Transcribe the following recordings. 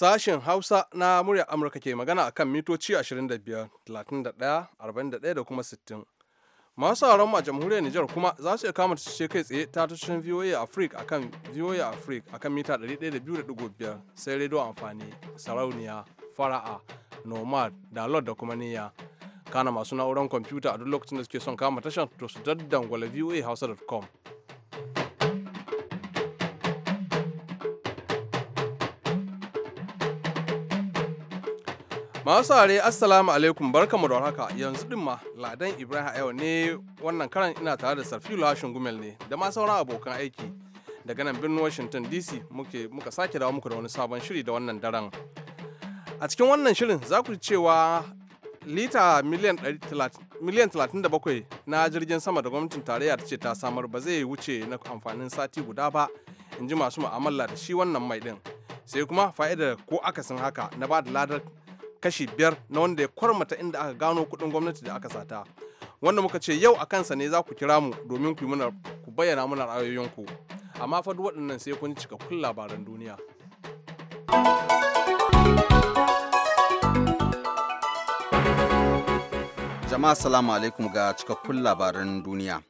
Sashen Hausa na muryar Amurka ke magana a kan mitoci 25, 31, 41 da kuma 60. Masu sauran a jamhuriyar Nijar kuma za su iya kama tashoshi kai tsaye ta tashoshin VOA Africa akan VOA Africa akan mita 102.5 sai rediyo amfani sarauniya fara'a nomad dalot da kuma niyya kana masu na'urar kwamfuta a duk lokacin da suke son kama tashar to su daddangwala hausa.com Masu sare assalamu alaikum barkamu da haka yanzu din ma ladan Ibrahim yau ne wannan karan ina tare da Sarfilu Hashin Gumel ne da ma sauran abokan aiki daga nan birnin Washington DC muke muka sake dawo muku da wani sabon shiri da wannan daren. A cikin wannan shirin za ku cewa lita miliyan 37 na jirgin sama da gwamnatin tarayya ta ce ta samar ba zai wuce na amfanin sati guda ba in ji masu mu'amala da shi wannan mai din sai kuma fa'idar ko akasin haka na ba da ladar kashi biyar na wanda ya kwarmata inda aka gano kuɗin gwamnati da aka sata wanda muka ce yau a kansa ne za ku kira mu domin ku ku bayyana mana ra'ayoyinku amma fa duk waɗannan sai kun cikakkun labaran duniya jama'a salamu alaikum ga cikakkun labaran duniya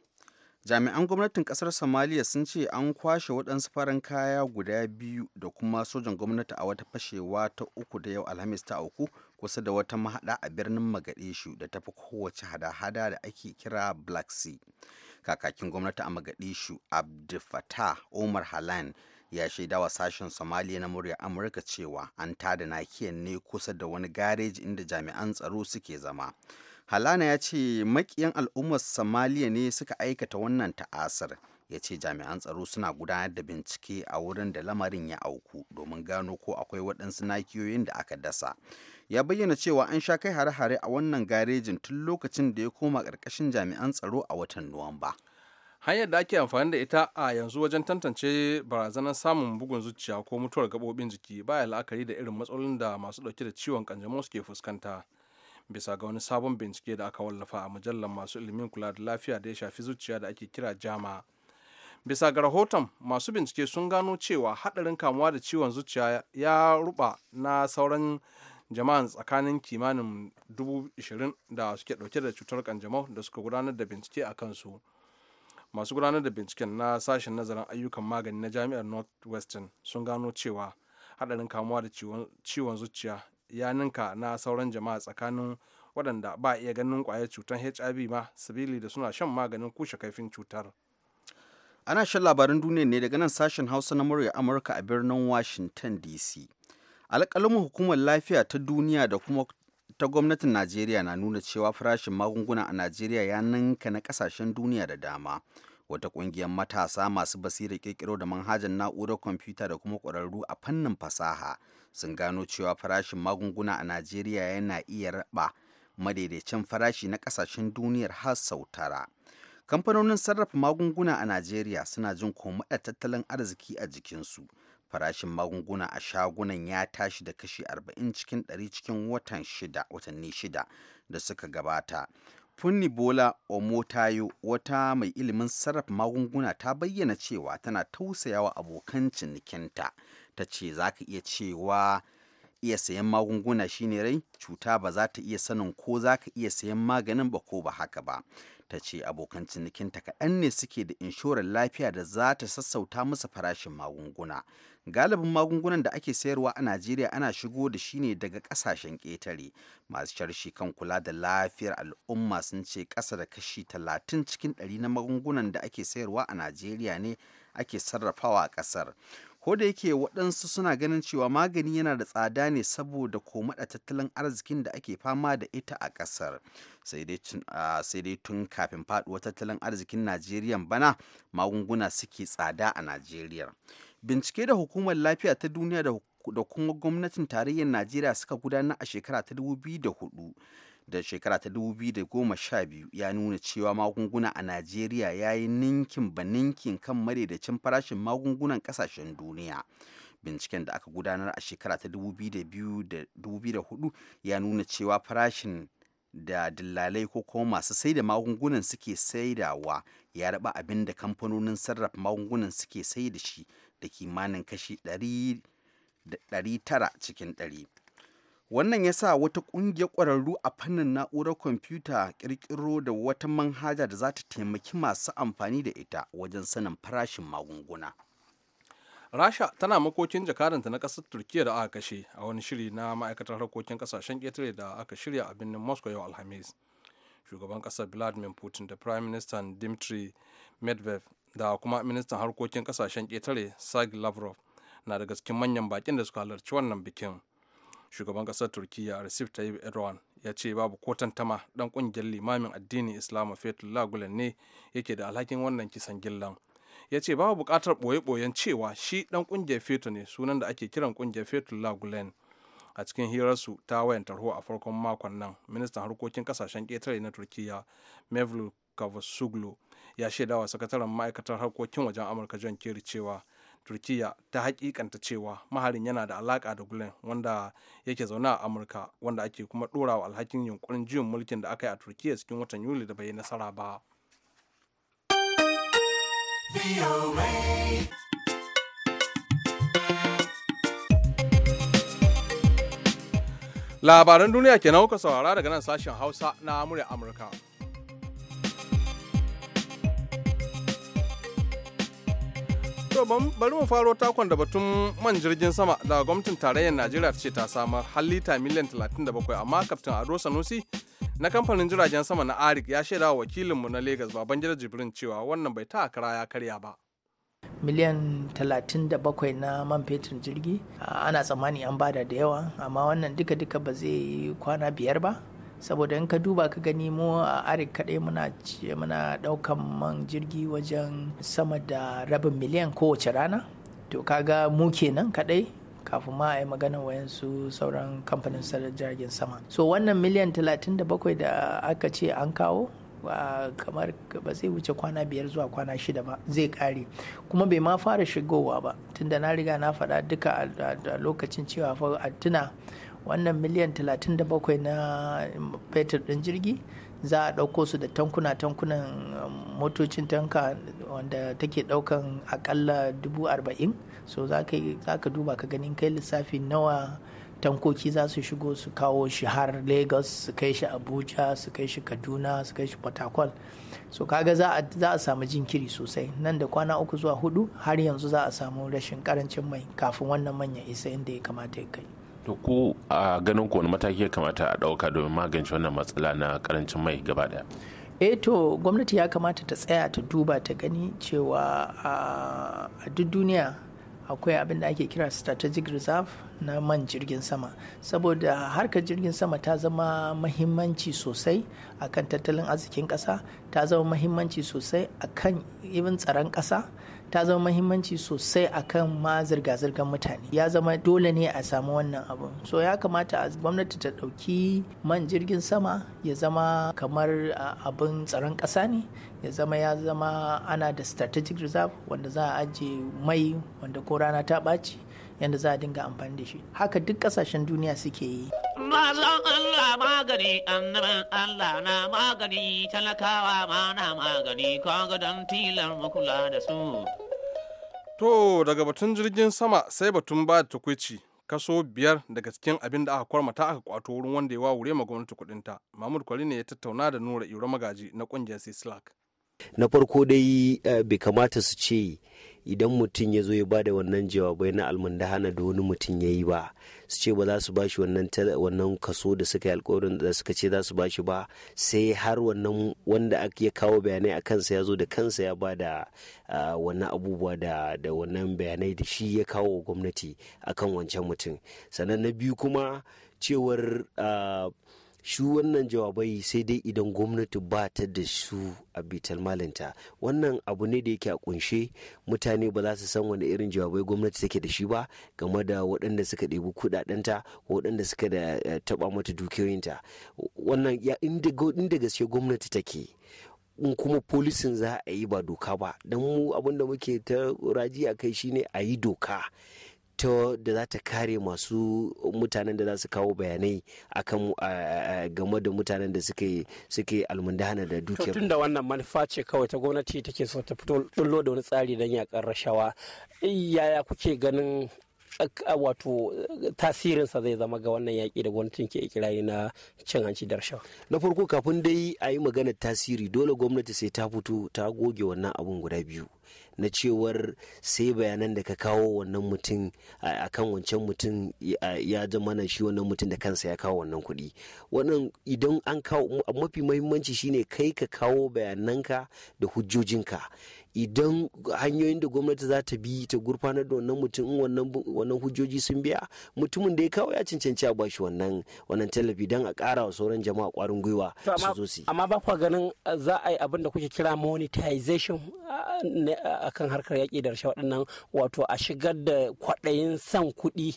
jami'an gwamnatin kasar somaliya sun ce an kwashe waɗansu farin kaya guda biyu da kuma sojan gwamnati a wata fashewa ta uku da yau alhamis ta auku kusa da wata mahaɗa a birnin magadishu da tafi kowace hada-hada da ake kira black sea kakakin gwamnati a magadishu abdulfatah omar halan ya shaidawa sashen somaliya na murya amurka cewa an tada nakiyan ne kusa da wani gareji inda jami'an tsaro suke zama halana ya ce makiyan al'ummar somaliya ne suka aikata wannan ta'asar ya ce jami'an tsaro suna gudanar da bincike a wurin da lamarin ya auku domin gano ko akwai waɗansu nakiyoyin da aka dasa ya bayyana cewa an sha kai hare-hare a wannan garejin tun lokacin da ya koma ƙarƙashin jami'an tsaro a watan nuwamba hanyar da ake amfani da ita a yanzu wajen tantance barazanar samun bugun zuciya ko mutuwar gabobin jiki baya la'akari da irin matsalolin da masu ɗauke da ciwon kanjamau suke fuskanta bisa ga wani sabon bincike da aka wallafa a mujallar masu ilimin kula da lafiya da ya shafi zuciya da ake kira jama bisa ga rahoton masu bincike sun gano cewa haɗarin kamuwa da ciwon zuciya ya ruba na sauran jama'an tsakanin kimanin 20,000 da suke ɗauke da cutar kanjamau da suka gudanar da bincike a kansu. masu gudanar da binciken na sashen nazarin ayyukan magani na jami'ar northwestern sun gano cewa hadarin kamuwa da ciwon zuciya ya ninka na sauran jama'a tsakanin waɗanda ba iya ganin ƙwayar cutar hiv ma sabili da suna shan maganin kushe kaifin cutar ana shan labarin duniya ne daga nan sashen hausa na murya amurka a birnin washington dc alƙalin hukumar lafiya ta duniya da kuma ta gwamnatin Najeriya na nuna cewa farashin magunguna a Najeriya ya ninka na kasashen duniya da dama. Wata ƙungiyar matasa masu basira ƙirƙiro da manhajar na'urar kwamfuta da kuma ƙwararru a fannin fasaha sun gano cewa farashin magunguna a Najeriya yana iya raba madaidaicin farashi na ƙasashen duniyar har sau tara. Kamfanonin sarrafa magunguna a Najeriya suna jin komaɗa tattalin arziki a jikinsu. farashin magunguna a shagunan ya tashi da kashi 40 cikin 100 cikin watan shida watanni shida da suka gabata Funnibola Omotayo wata mai ilimin sarrafa magunguna ta bayyana cewa tana tausaya wa abokan cinikinta ta ce za ka iya cewa iya sayan magunguna shine rai cuta ba za ta iya sanin ko za ka iya sayan maganin ba ko ba haka ba ta ce abokan cinikinta kaɗan ne suke da inshorar lafiya da za ta sassauta masa farashin magunguna galibin magungunan da ake sayarwa a najeriya ana shigo da shi ne daga kasashen ƙetare masu sharshi kan kula da lafiyar al'umma sun ce ƙasa da kashi talatin cikin ɗari na magungunan da ake sayarwa a najeriya ne ake sarrafawa a ƙasar ko yake waɗansu suna ganin cewa magani yana da tsada ne saboda komaɗa tattalin arzikin da ake fama da ita a ƙasar sai dai tun kafin faɗuwa tattalin arzikin najeriya bana magunguna suke tsada a najeriya bincike da hukumar lafiya ta duniya da kuma gwamnatin tarayyar najeriya suka gudanar a shekara ta 2004 da shekara ta 2012 ya nuna cewa magunguna a najeriya ya yi ninkin ba ninkin kan madaidacin farashin magungunan kasashen duniya binciken da aka gudanar a shekara ta 2004 ya nuna cewa farashin da dillalai ko kuma masu sai da magungunan suke saidawa ya raba abin da kamfanonin sarrafa magungunan suke sai da shi da kimanin kashi 900 cikin 100 wannan ya sa wata ƙungiyar ƙwararru a fannin na'urar kwamfuta ƙirƙiro da wata manhaja da za ta taimaki masu amfani da ita wajen sanin farashin magunguna rasha tana makokin jakaranta na ƙasar turkiyya da aka kashe a wani shiri na ma'aikatar harkokin ƙasashen ƙetare da aka shirya a birnin moscow yau alhamis shugaban ƙasar vladimir putin da prime minister dmitry medvedev da kuma ministan harkokin kasashen ƙetare sergei lavrov na daga cikin manyan bakin da suka halarci wannan bikin shugaban kasar turkiya recep tayyip erdogan ya ce babu ko tantama dan kungiyar limamin addinin islam fetur gulen ne yake da alhakin wannan kisan gillan ya ce babu bukatar ɓoye-ɓoyen cewa shi dan kungiyar fetu ne sunan da ake kiran kungiyar fetur gulen a cikin hirarsu ta wayan tarho a farkon makon nan ministan harkokin kasashen ƙetare na turkiya mevlut cavusoglu ya shaidawa sakataren ma'aikatar harkokin wajen amurka john kerry cewa turkiya ta hakikanta cewa maharin yana da alaka da gulen wanda yake zaune a amurka wanda ake kuma ɗorawa alhakin yunkurin juyin mulkin da aka yi a turkiya cikin watan yuli da bai yi nasara ba labaran duniya kenan kuka saurara daga nan sashen hausa na murya amurka To bari mu faro takon da batun man jirgin sama daga gwamnatin tarayyar Najeriya ce ta samar halitta miliyan 37 amma kaftin Ado Sanusi na kamfanin jiragen sama na Arik ya shaida wa wakilinmu na Lagos Babangida Jibrin cewa wannan bai ta kara ya karya ba. miliyan 37 na man fetur jirgi ana tsammani an bada da yawa amma wannan duka-duka ba zai kwana biyar ba saboda in ka duba ka gani mu a arik kaɗai muna muna ɗaukan man jirgi wajen sama da rabin miliyan kowace rana to kaga mu kenan kaɗai kafin ma a yi magana wayansu sauran kamfanin sarar jiragen sama so wannan miliyan 37 da aka ce an kawo kamar ba zai wuce kwana biyar zuwa kwana shida ba zai kare kuma bai ma fara shigowa ba tunda na riga na faɗa duka a lokacin cewa fa a tuna wannan miliyan 37 na um, fetur ɗin jirgi za a ɗauko su da tankuna-tankunan um, motocin tanka wanda take ɗaukan akalla dubu arba'in so za ka duba ka ganin kai lissafi nawa tankoki za su shigo su kawo shi har lagos su kai shi abuja su kai shi kaduna su kai shi port harcourt so kaga za a samu jinkiri sosai nan da kwana uku zuwa hudu har yanzu za a samu rashin karancin mai kafin wannan manyan isa inda ya kamata ya kai to ku a ganin ku wani mataki ya kamata a ɗauka domin magance wannan matsala na karancin mai gaba daya eh to gwamnati ya kamata ta tsaya ta duba ta gani cewa a duk duniya akwai abin da ake kira strategic reserve na man jirgin sama saboda harkar jirgin sama ta zama mahimmanci sosai akan tattalin arzikin kasa ta zama mahimmanci sosai akan even tsaron kasa. ta zama mahimmanci sosai akan ma zirga-zirgar mutane ya zama dole ne a samu wannan abun so ya kamata a gwamnati ta ɗauki man jirgin sama ya zama kamar abin tsaron ƙasa ne ya zama ya zama ana da strategic reserve wanda za a ajiye mai wanda ko rana ta ɓaci yadda za a dinga amfani da shi haka duk ƙasashen duniya suke yi mazan Allah magani annabin Allah na magani talakawa ma na magani kaga don tilar makula da su To daga batun jirgin sama sai batun ba da tukwici kaso biyar daga cikin abin da aka ta aka kwato wurin wanda ya wawure ma gwamnati kudinta. Mahmud Kwari ne ya tattauna da Nura Iro Magaji na kungiyar Sislak. Na farko dai eh, bai kamata su ce idan mutum ya zo ya ba da wannan jawabai na almundahana da wani mutum ya yi ba su ce ba za su bashi wannan wannan kaso da suka yi alkawarin da suka ce za su shi ba sai har wannan wanda ya kawo bayanai a kansa ya zo da kansa ya ba da wannan abubuwa da da wannan bayanai da shi ya kawo wa gwamnati akan wancan mutum sannan na biyu kuma cewar shi wannan jawabai sai dai idan gwamnati ba ta da su a bitar malinta wannan abu ne da yake a kunshe mutane ba za su san wani irin jawabai gwamnati take da shi ba game da waɗanda suka ɗebi kuɗaɗenta waɗanda suka da eh, taɓa mata dukiyoyinta wannan ya inda gaske gwamnati take in kuma polisin za a yi ba doka ba don mu abinda muke ta raji a kai shine a yi doka ta da za ta kare masu mutanen da za su kawo bayanai akan game da mutanen da suke suke almundana da dukiyar tun da wannan manufa ce kawai ta gwamnati take so ta fito dullo da wani tsari don yakar rashawa yaya kuke ganin wato tasirinsa zai zama ga wannan yaƙi da gwamnatin ke ikirari na cin hanci da rashawa. Na farko kafin dai a yi magana tasiri dole gwamnati sai ta fito ta goge wannan abun guda biyu. na cewar sai bayanan da ka kawo wannan mutum a kan wancan mutum ya zama na shi wannan mutum da kansa ya kawo wannan kuɗi wannan idan an kawo mafi mahimmanci shine kai ka kawo bayananka da hujjojinka idan hanyoyin da gwamnati za ta bi ta gurfanar da wannan mutum in wannan hujjoji sun biya mutumin da ya kawo ya cancanci a bashi wannan wannan tallafi don a kara wa sauran jama'a kwarin gwiwa su zo su amma ba kwa ganin uh, za a yi abin da kuke kira monetization uh, uh, akan harkar yaƙi da rashawa waɗannan wato a shigar da kwaɗayin san kuɗi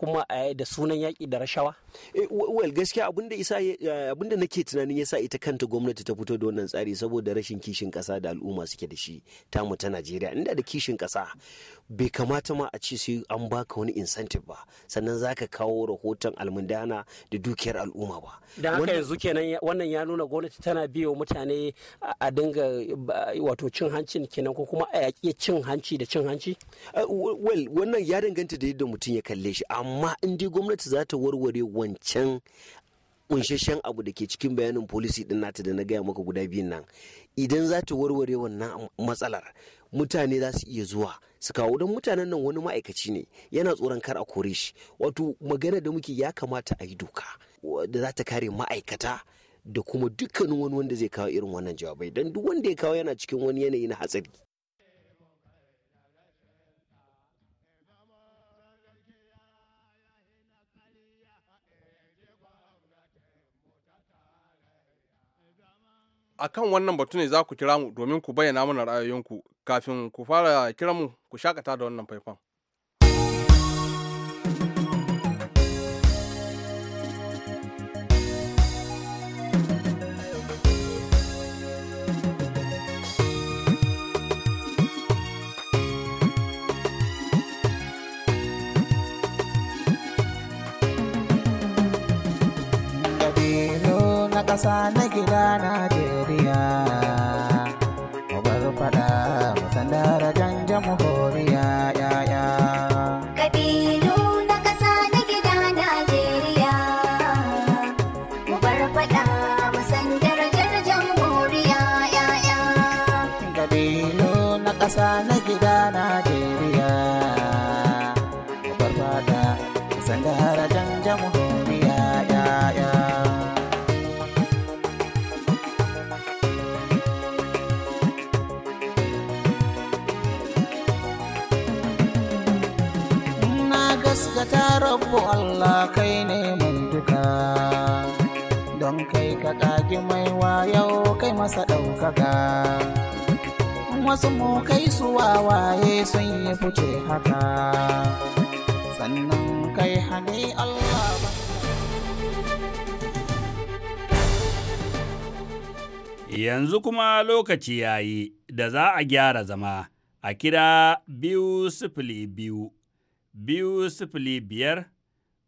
kuma a eh, da sunan yaƙi da rashawa? Eh, well gaskiya abinda eh, nake tunanin sa ita kanta gwamnati ta fito da wannan tsari saboda rashin kishin ƙasa da al'umma suke da shi ta ta Najeriya inda da kishin ƙasa bai kamata ma a ce sai an baka wani incentive ba sannan za ka kawo rahoton almundana da dukiyar al'umma ba da haka yanzu kenan wannan ya nuna gwamnati tana biyo mutane a dinga wato cin hancin kenan ko kuma a yaƙi cin hanci da cin hanci well wannan ya danganta da yadda mutum ya kalle shi amma amma in dai gwamnati za ta warware wancan kunshashen abu da ke cikin bayanin policy din nata da na gaya maka guda biyun nan idan za ta warware wannan matsalar mutane za su iya zuwa su kawo don mutanen nan wani ma'aikaci ne yana tsoron kar a kore shi wato magana da muke ya kamata a yi doka da za ta kare ma'aikata da kuma dukkanin wani wanda zai kawo irin wannan jawabai don duk wanda ya kawo yana cikin wani yanayi na hatsari akan wannan batu ne za ku kira mu domin ku bayyana mana ra'ayoyinku kafin ku fara kiran mu ku shakata da wannan faifan. ƙasa na gida Najeriya. Allah kai ne mai duka don kai ka ƙagi mai wayau kai masa ɗaukaka wasu mu kai su wawaye sun yi fice haka sannan kai hane Allah Yanzu kuma lokaci ya yi da za a gyara zama a kira biyu sifili biyu, biyu sifili biyar,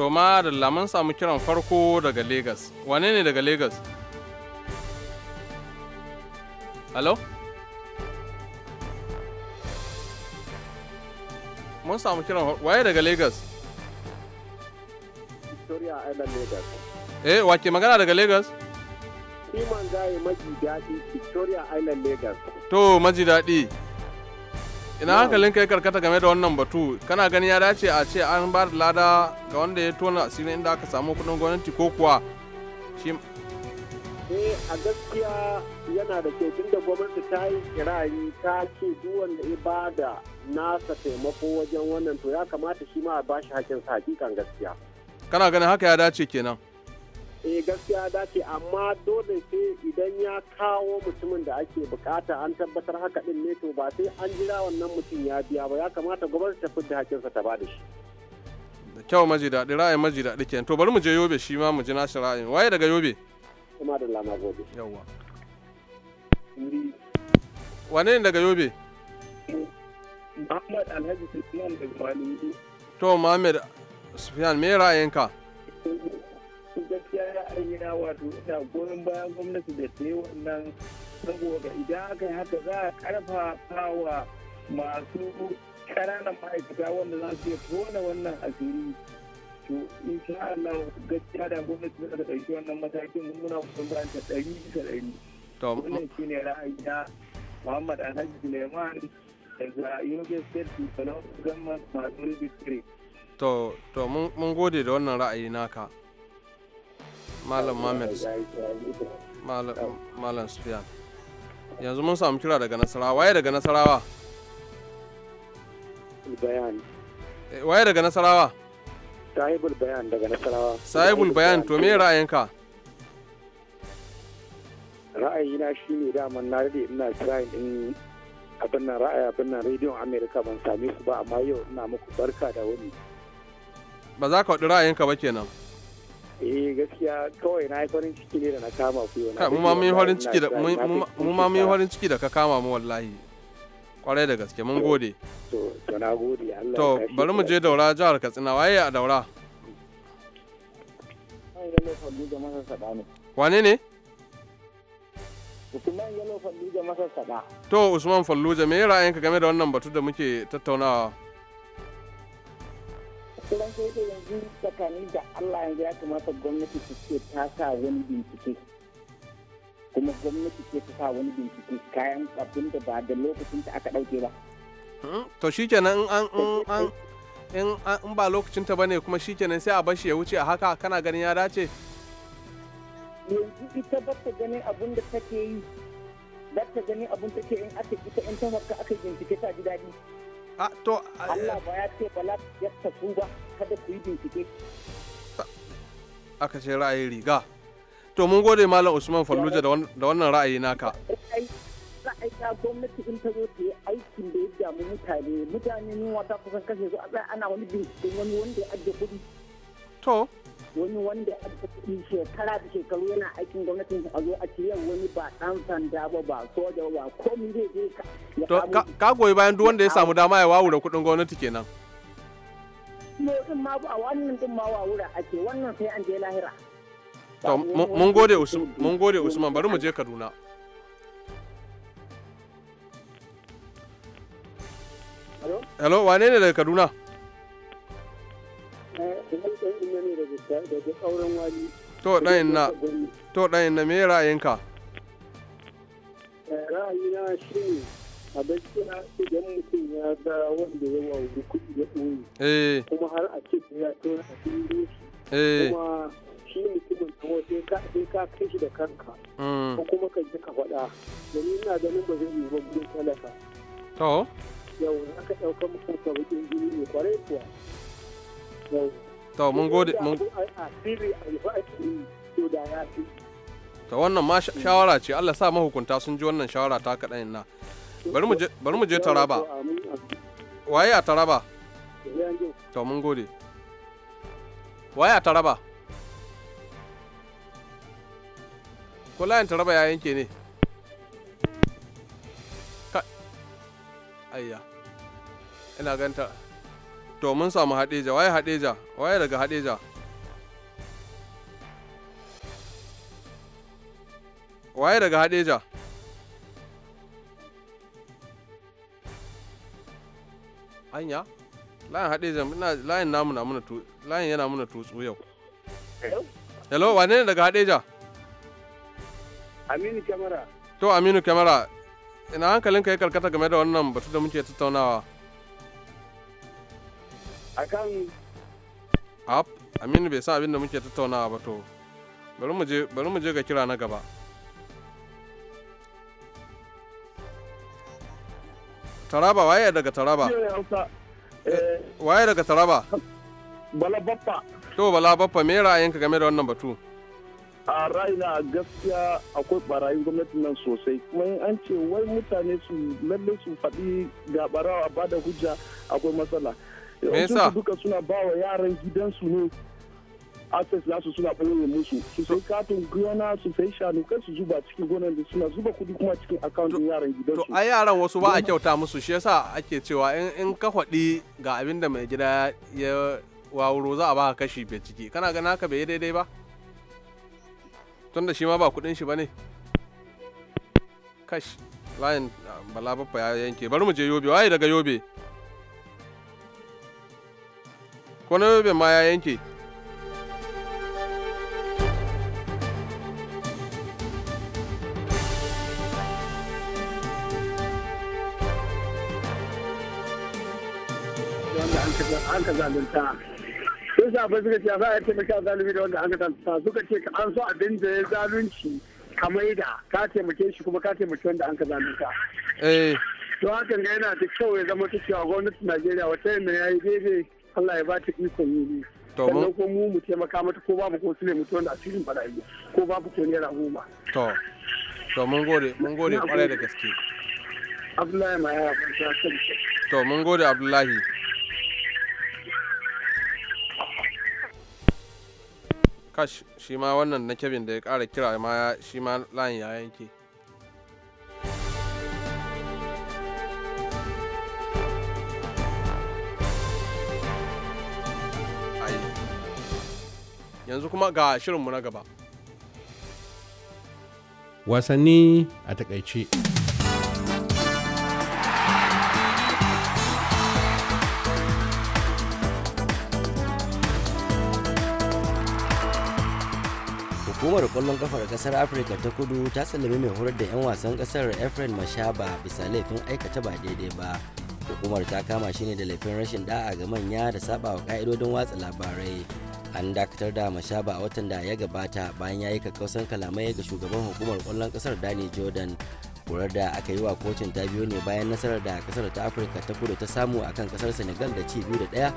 To ma da mun samu kiran farko daga Legas. Wane ne daga Legas? Halo? Mun samu kiran waye daga Legas? Victoria Island Legas. Eh, wake magana daga Legas? Kiman zai maji daɗi Victoria Island Legas. To, maji daɗi. ina hankalin kai karkata game da wannan batu kana gani ya dace a ce an ba da lada ga wanda ya tona asirin inda aka samu kudin gwamnati ko kuwa shi eh, a gaskiya yana da kyau da gwamnati ta yi kirayi ta ce duk wanda ya ba da nasa taimako wajen wannan to ya kamata shi ma a bashi hakin sa hakikan gaskiya kana ganin haka ya dace kenan eh gaskiya dace amma dole sai idan ya kawo mutumin da ake bukata an tabbatar haka din ne to ba sai an jira wannan mutum ya biya ba ya kamata gwamnati ta fidda hakinsa ta ba da shi da kyau maji daɗi ra'ayin maji daɗi kenan to bari mu je yobe shi ma mu ji nashi ra'ayin waye daga yobe kuma da lama gobe yawwa wane ne daga yobe Muhammad Alhaji Sufyan daga Maliki to Muhammad Sufyan me ra'ayinka eh, su gaskiya ra'ayina wato ina goyon bayan gwamnati da ta yi wannan saboda idan aka yi haka za a karfafa wa masu ƙananan ma'aikata wanda za su iya tona wannan asiri to insha Allah gaskiya da gwamnati za ta ɗauki wannan matakin muna kusan bayan ta ɗari bisa ɗari. Wannan shi ne ra'ayina Muhammad Alhaji Suleiman daga Yobe State Salon Gamman Masu Rubikiri. To, to mun gode da wannan ra'ayi naka. malam mamed malam sufiyan yanzu mun samu kira daga nasarawa waye daga nasarawa bayan eh, waye daga nasarawa sahibul bayan daga nasarawa sahibul bayan to me ra'ayinka ra'ayina ne daman na rade ina trying in abin nan ra'ayi abin nan rediyon Amerika ban same su ba amma yau ina muku barka da wani ba za ka waɗi ra'ayinka ba kenan eh gaskiya kawai na yi farin ciki ne da na kama ku yau mun farin ciki da mu ma mun farin ciki da ka kama mu wallahi kwarai da gaske mun gode to na gode Allah to bari mu je daura jihar Katsina waye a daura wane ne Usman Yalo Falluja Masar sada. To Usman Falluja me ra'ayinka game da wannan batu da muke tattaunawa? Kiran sai da yanzu tsakanin da Allah yanzu ya kamata gwamnati su ce ta sa wani bincike. Kuma gwamnati ce ta sa wani bincike kayan abin da ba da lokacin ta aka dauke ba. Hmm, to shi kenan an in in ba lokacinta ta bane kuma shi shikenan sai a bashi ya wuce a haka kana ganin ya dace yanzu ita ba ta ganin abun da take yi ba ta ganin abun take in aka ita in ta haka aka bincike ta ji daɗi a to Allah ba ya ce bala yasta su ba kada ku yi bincike aka ce ra'ayin riga to mun gode malam usman falluja da wannan ra'ayi naka ra'ayi gwamnati in ta zo ta yi aikin da ya damu mutane mutane ne wata kusan kashe su a ana wani binciken wani wanda ya ajiye kuɗi to wani wanda a cikin shekara da shekaru yana aikin gwamnatin a zo a ciye wani ba dan sanda ba ba soja ba komi zai je ka. To ka goyi bayan duk wanda ya samu dama ya wawura kuɗin gwamnati kenan. Mo din ma a wannan din ma wawura ake wannan sai an je lahira. To mun gode Usman mun gode Usman bari mu je Kaduna. Hello wane ne daga Kaduna? daga auren wali to ɗayan na to ɗayan na me ra'ayin ra'ayinka eh, ra'ayina shi ne a gaskiya idan mutum ya ga wanda ya wauri kuɗi ya ɓoye eh. kuma har a ce ya tona a cikin eh. kuma shi mutumin kuma sai ka sai ka kai shi da kanka mm. ko kuma ka ji ka faɗa domin ina ganin ba zai yi ba gudun talaka to yau aka ɗauka mutum ka bakin jini ne kwarai kuwa to mun gode mun ta wannan ma shawara ce Allah sa mahukunta sun ji wannan shawara ta kaɗan na bari mu je taraba waye a taraba to mun gode waye a taraba ko layin taraba ya yanke ne ayya ina ganta to mun samu hadeja waye hadeja waye daga hadeja waye daga hadeja anya layin hadeja layin namu na muna layin yana muna tutsu yau hello wane ne daga hadeja aminu Kyamara. to aminu Kyamara, ina hankalinka ya karkata game da wannan batu da muke tattaunawa akan ap aminu bai san abin da muke tattaunawa ba to bari mu je ga kira na gaba taraba waye daga taraba eh, eh, waye daga taraba bala baffa to bala baffa me ra'ayinka game da wannan batu a ra'ayina gaskiya akwai barayi gwamnati nan sosai kuma an ce wai mutane su lalle su faɗi ga barawa ba da hujja akwai matsala me yasa duka suna ba wa yaran gidansu ne access nasu suna ɓoye musu su sai katin gona su sai shanu kai su zuba cikin gonan da suna zuba kuɗi kuma cikin account yaran gidansu to a yaran wasu ba a kyauta musu shi yasa ake cewa in ka faɗi ga abin da mai gida ya wawuro za a baka kashi bai ciki kana ganin haka bai daidai ba tunda shi ma ba kuɗin shi bane kash layin ah, bala baffa ya yanke bari mu je yobe waye daga yobe kwanobe ma ya yanke an ka sun sa suka ce za a taimaka zalunci da wanda an ka zalunta suka ce an so abin da ya zalunci kamar da ka taimake shi kuma ka taimake wanda an ka zalunta eh. to hakan ga yana da kyau ya zama ta cewa gwamnatin najeriya wata yanda ya yi daidai Allah ya ba ta ikon yi ne. sannan ko mu mu taimaka mata ko babu ko ne mu da asirin bala'i ko babu ko naira goma to to mun gode mun gode kwarai da gaske Abdullahi ma ya fara to mun gode Abdullahi kash shi ma wannan na kebin da ya kara kira ma shi ma layin ya yanke yanzu kuma ga shirinmu na gaba wasanni a takaice hukumar kwallon kafar kasar afirka ta kudu ta tsallame mai horar da 'yan wasan kasar efren mashaba bisa laifin aikata ba daidai ba hukumar ta kama shi ne da laifin rashin da'a ga manya da saba wa ka'idodin watsa labarai an dakatar da mashaba a watan da ya gabata bayan ya yi kakkausan kalamai ga shugaban hukumar kwallon kasar dani jordan kurar da aka yi wa kocin ta biyu ne bayan nasarar da kasar ta afirka ta kudu ta samu a kan kasar senegal da ci biyu da daya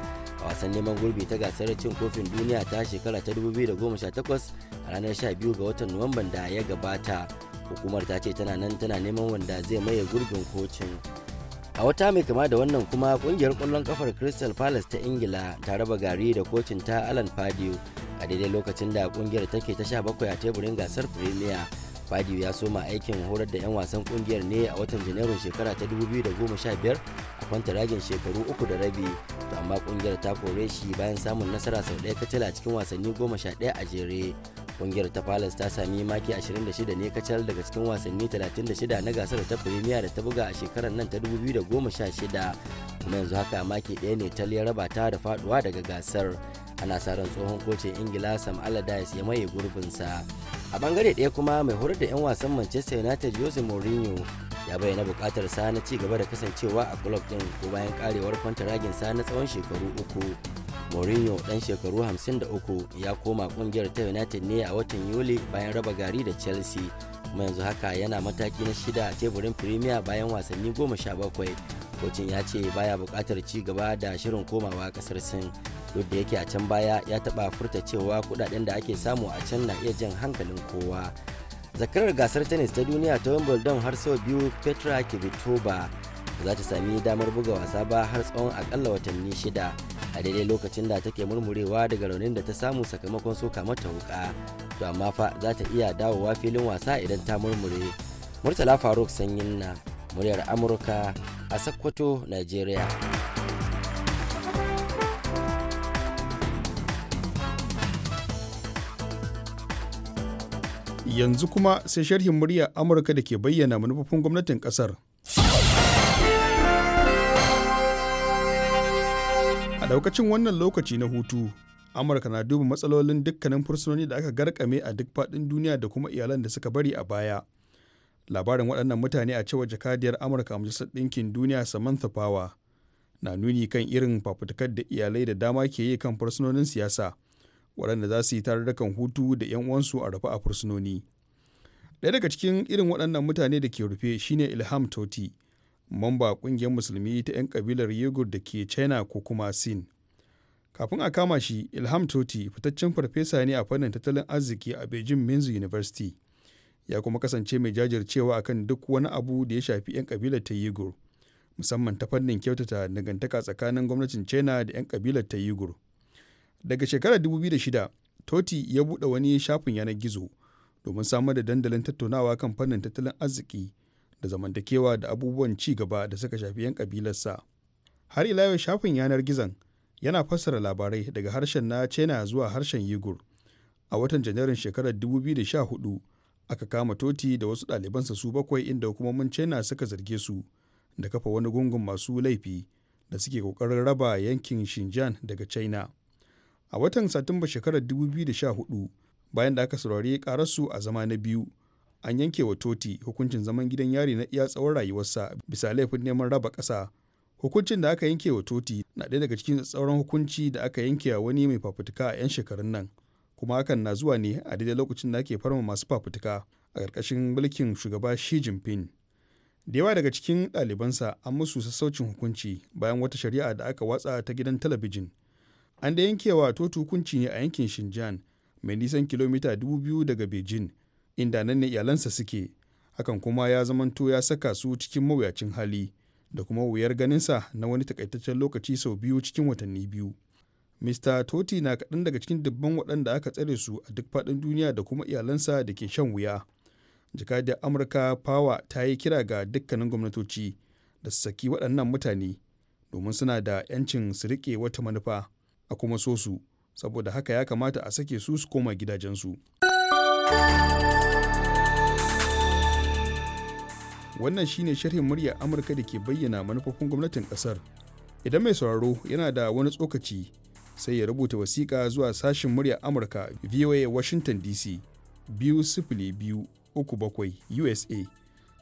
a wasan neman gurbi ta gasar cin kofin duniya ta shekara ta 2018 a ranar 12 ga watan nuwamban da ya gabata hukumar ta ce tana nan tana neman wanda zai maye gurbin kocin. a wata mai kama da wannan kuma kungiyar kwallon kafar crystal palace ta ingila ta raba gari da kocin ta alan Fadio, a daidai lokacin da kungiyar take ta sha bakwai a teburin gasar premier Fadio ya soma aikin horar da 'yan wasan kungiyar ne a watan janairun shekara ta 2015 a kwanta ragin shekaru uku da rabi to amma kungiyar ta kore shi bayan samun nasara sau ɗaya cila a cikin wasanni goma sha ɗaya a jere kungiyar ta palace ta sami maki 26 ne kacal daga cikin wasanni 36 na gasar ta premier da ta buga a shekarar nan ta 2016 kuma yanzu haka maki ɗaya ne ta raba ta da faduwa daga gasar ana sa ran tsohon kocin ingila sam allardyce ya maye gurbinsa a bangare ɗaya kuma mai horar da 'yan wasan manchester united jose mourinho ya bayyana bukatar sa na ci gaba da kasancewa a club din ko bayan karewar kwantaragin sa na tsawon shekaru uku Mourinho dan shekaru 53 ya koma kungiyar ta United ne a watan Yuli bayan raba gari da Chelsea kuma yanzu haka yana mataki na shida a teburin Premier bayan wasanni 17 kocin ya ce baya bukatar ci gaba da shirin komawa kasar Sin duk da yake a can baya ya taba furta cewa kudaden da ake samu a can na iya jan hankalin kowa zakarar gasar tennis ta duniya ta wimbledon har sau biyu petra kvitova za ta sami damar buga wasa ba har tsawon akalla watanni shida a daidai lokacin da take murmurewa daga raunin da ta samu sakamakon soka mata wuka to amma fa za ta iya dawowa filin wasa idan ta murmure murtala faruk sanyin na muryar amurka a sakkwato nigeria Yanzu kuma sai sharhin murya Amurka da ke bayyana manufofin gwamnatin kasar. A daukacin wannan lokaci na hutu, Amurka na duba matsalolin dukkanin fursunoni da aka garkame a duk faɗin duniya da kuma iyalan da suka bari a baya. Labarin waɗannan mutane a cewar jakadiyar Amurka a Majalisar Ɗinkin Duniya Samantha Power na nuni kan irin fafutukar da iyalai da dama ke yi kan fursunonin siyasa. waɗanda za su yi tarurrukan hutu da 'yan uwansu a rufe a fursunoni ɗaya daga cikin irin waɗannan mutane da ke rufe shine ilham toti mamba ƙungiyar musulmi ta 'yan ƙabilar yugur da ke china ko kuma sin kafin a kama shi ilham toti fitaccen farfesa ne a fannin tattalin arziki a beijing minzu university ya kuma kasance mai jajircewa akan duk wani abu da ya shafi 'yan ƙabilar ta yugur musamman ta fannin kyautata dangantaka tsakanin gwamnatin china da 'yan ƙabilar ta yugur daga shekarar 2006 toti ya buɗe wani shafin yanar gizo domin samar da dandalin tattaunawa kan fannin tattalin arziki da zamantakewa da abubuwan ci gaba da suka shafi 'yan kabilarsa har ila yau shafin yanar gizon yana fassara labarai daga harshen na china zuwa harshen yigur a watan janairun shekarar 2014 aka kama toti da wasu ɗalibansa su bakwai inda hukumomin china suka zarge su da kafa wani gungun masu laifi da suke ƙoƙarin raba yankin Xinjiang daga China. a watan satumba shekarar 2014 bayan da aka saurari kararsu a zama na biyu an yanke wa toti hukuncin zaman gidan yari na iya tsawon rayuwarsa bisa laifin neman raba ƙasa hukuncin da aka yanke wa toti na ɗaya daga cikin tsauran hukunci da aka yanke wa wani mai fafutuka a 'yan shekarun nan kuma hakan na zuwa ne a daidai lokacin da ake farma masu fafutuka a ƙarƙashin mulkin shugaba shi Jinping. Da yawa daga cikin ɗalibansa an musu sassaucin hukunci bayan wata shari'a da aka watsa ta gidan talabijin an da yankewa toto hukunci ne a yankin Xinjiang mai nisan kilomita 2000 daga Beijing inda nan ne iyalansa suke hakan kuma ya zamanto ya saka su cikin mawuyacin hali da kuma wuyar ganinsa na wani takaitaccen lokaci sau biyu cikin watanni biyu. mista Toti na kaɗan daga cikin dubban waɗanda aka tsare su a duk faɗin duniya da kuma iyalansa da ke shan wuya. da Amurka Power ta yi kira ga dukkanin gwamnatoci da su saki waɗannan mutane domin suna da 'yancin su rike wata manufa. a kuma so su saboda haka ya kamata a sake su su koma gidajensu wannan shine sharhin murya amurka da ke bayyana manufofin gwamnatin kasar idan mai sauraro yana da wani tsokaci sai ya rubuta wasiƙa zuwa sashin murya amurka voa washington dc biyu sifili biyu uku bakwai usa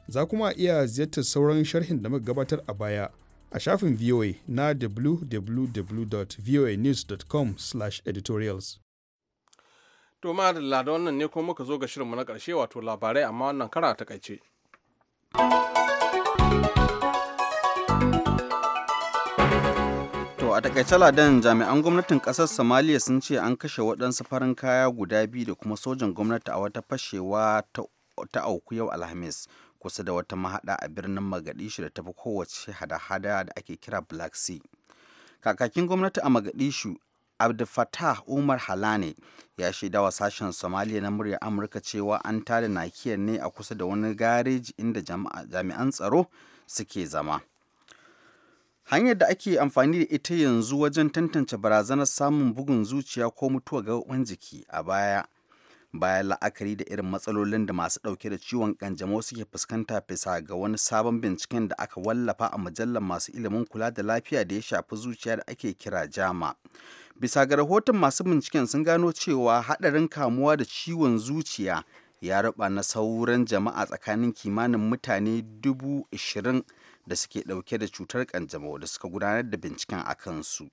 za kuma iya ziyartar sauran sharhin da muka gabatar a baya a shafin VOA na www.voanews.com/editorials. To ma da wannan ne kuma muka zo ga shirinmu na ƙarshe wato labarai amma wannan kara ta kaice. To a takaice ladan jami'an gwamnatin kasar Somalia sun ce an kashe waɗansu farin kaya guda biyu da kuma sojan gwamnati a wata fashewa ta auku yau Alhamis. kusa da wata mahada a birnin Magadishu da ta fi kowace hada-hada da ake kira Black Sea. Kakakin gwamnati a Magadishu abdulfatah Umar Halane ya shaida wa sashen somaliya na muryar Amurka cewa an tada nakiyar ne a kusa da wani gareji inda jami'an tsaro suke zama. Hanyar da ake amfani da ita yanzu wajen tantance barazanar samun bugun zuciya ko mutuwa ga jiki a baya bayan la'akari da irin matsalolin da masu ɗauke da ciwon ƙanjamau suke fuskanta bisa ga wani sabon binciken da aka wallafa a mujallar masu ilimin kula da lafiya da ya shafi zuciya da ake kira jama bisa ga rahoton masu binciken sun gano cewa haɗarin kamuwa da ciwon zuciya ya ruba na sauran jama'a tsakanin kimanin mutane dubu ashirin da suke ɗauke da cutar ƙanjamau da suka gudanar da binciken a kansu.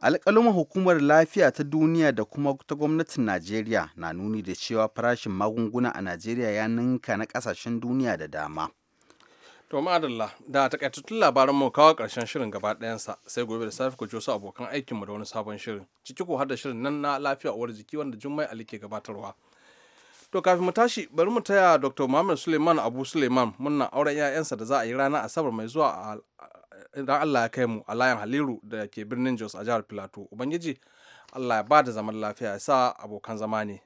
alƙaluma hukumar lafiya ta duniya da kuma ta gwamnatin najeriya na nuni da cewa farashin magunguna a najeriya ya ninka na ƙasashen duniya da dama to ma'adalla da takaitattun labaran mu kawo ƙarshen shirin gaba ɗayansa sai gobe da safe ku ji wasu abokan aikinmu da wani sabon shirin ciki ko har da shirin nan na lafiya uwar jiki wanda jummai ali ke gabatarwa to kafin mu tashi bari mu taya dr muhammad suleiman abu suleiman muna auren 'ya'yansa da za a yi rana asabar mai zuwa a. idan Allah ya kai mu a layin Haliru da ke birnin Jos a jihar Filato. Ubangiji Allah ya ba da zaman lafiya ya sa abokan zama ne.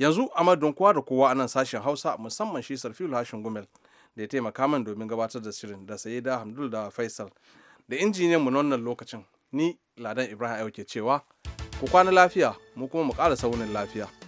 Yanzu a kowa da kowa a nan sashen Hausa musamman shi Sarfilu Hashin Gumel da ya taimaka min domin gabatar da shirin da saye da Hamdul da Faisal da injiniyan mu wannan lokacin ni Ladan Ibrahim Ayo ke cewa ku kwana lafiya mu kuma mu ƙara saunin lafiya.